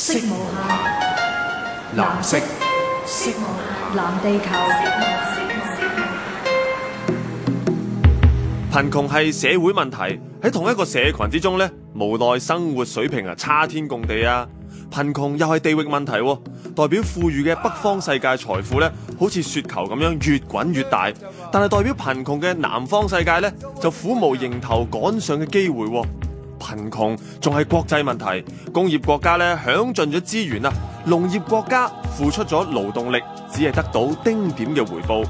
色母下，藍色，色母下，藍色，色母下，藍地球。貧窮係社會問題，喺同一個社群之中咧，無奈生活水平啊差天共地啊。貧窮又係地域問題，代表富裕嘅北方世界財富咧，好似雪球咁樣越滾越大，但係代表貧窮嘅南方世界咧，就苦無迎頭趕上嘅機會。貧窮仲係國際問題，工業國家呢，享盡咗資源啊，農業國家付出咗勞動力，只係得到丁點嘅回報。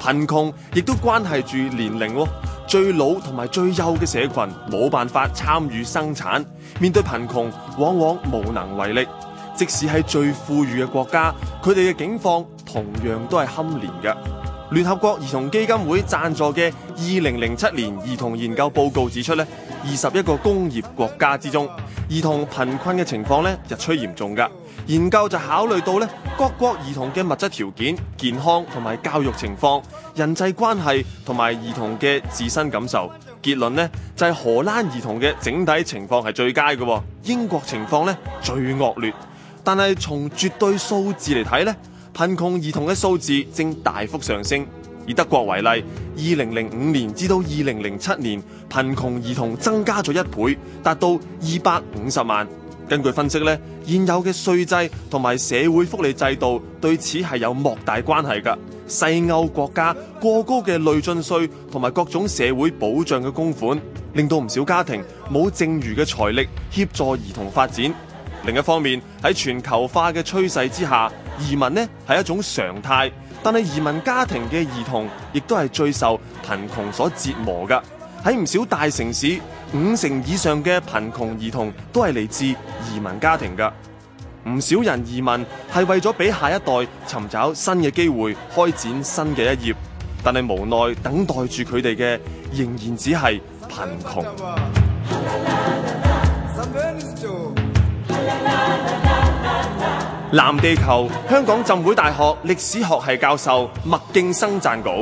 貧窮亦都關係住年齡，最老同埋最幼嘅社群冇辦法參與生產。面對貧窮，往往無能為力。即使係最富裕嘅國家，佢哋嘅境況同樣都係堪憐嘅。聯合國兒童基金會贊助嘅二零零七年兒童研究報告指出呢，二十一個工業國家之中，兒童貧困嘅情況呢，日趨嚴重㗎。研究就考慮到呢，各國兒童嘅物質條件、健康同埋教育情況、人際關係同埋兒童嘅自身感受。結論呢，就係荷蘭兒童嘅整體情況係最佳嘅，英國情況呢，最惡劣。但係從絕對數字嚟睇呢，貧窮兒童嘅數字正大幅上升。以德國為例，二零零五年至到二零零七年，貧窮兒童增加咗一倍，達到二百五十萬。根據分析呢，現有嘅稅制同埋社會福利制度對此係有莫大關係㗎。西歐國家過高嘅累進稅同埋各種社會保障嘅供款，令到唔少家庭冇剩餘嘅財力協助兒童發展。另一方面，喺全球化嘅趨勢之下，移民呢，係一種常態，但係移民家庭嘅兒童亦都係最受貧窮所折磨嘅，喺唔少大城市，五成以上嘅貧窮兒童都係嚟自移民家庭嘅，唔少人移民係為咗俾下一代尋找新嘅機會，開展新嘅一頁，但係無奈等待住佢哋嘅仍然只係貧窮。藍地球，香港浸會大學歷史學系教授麥勁生撰稿。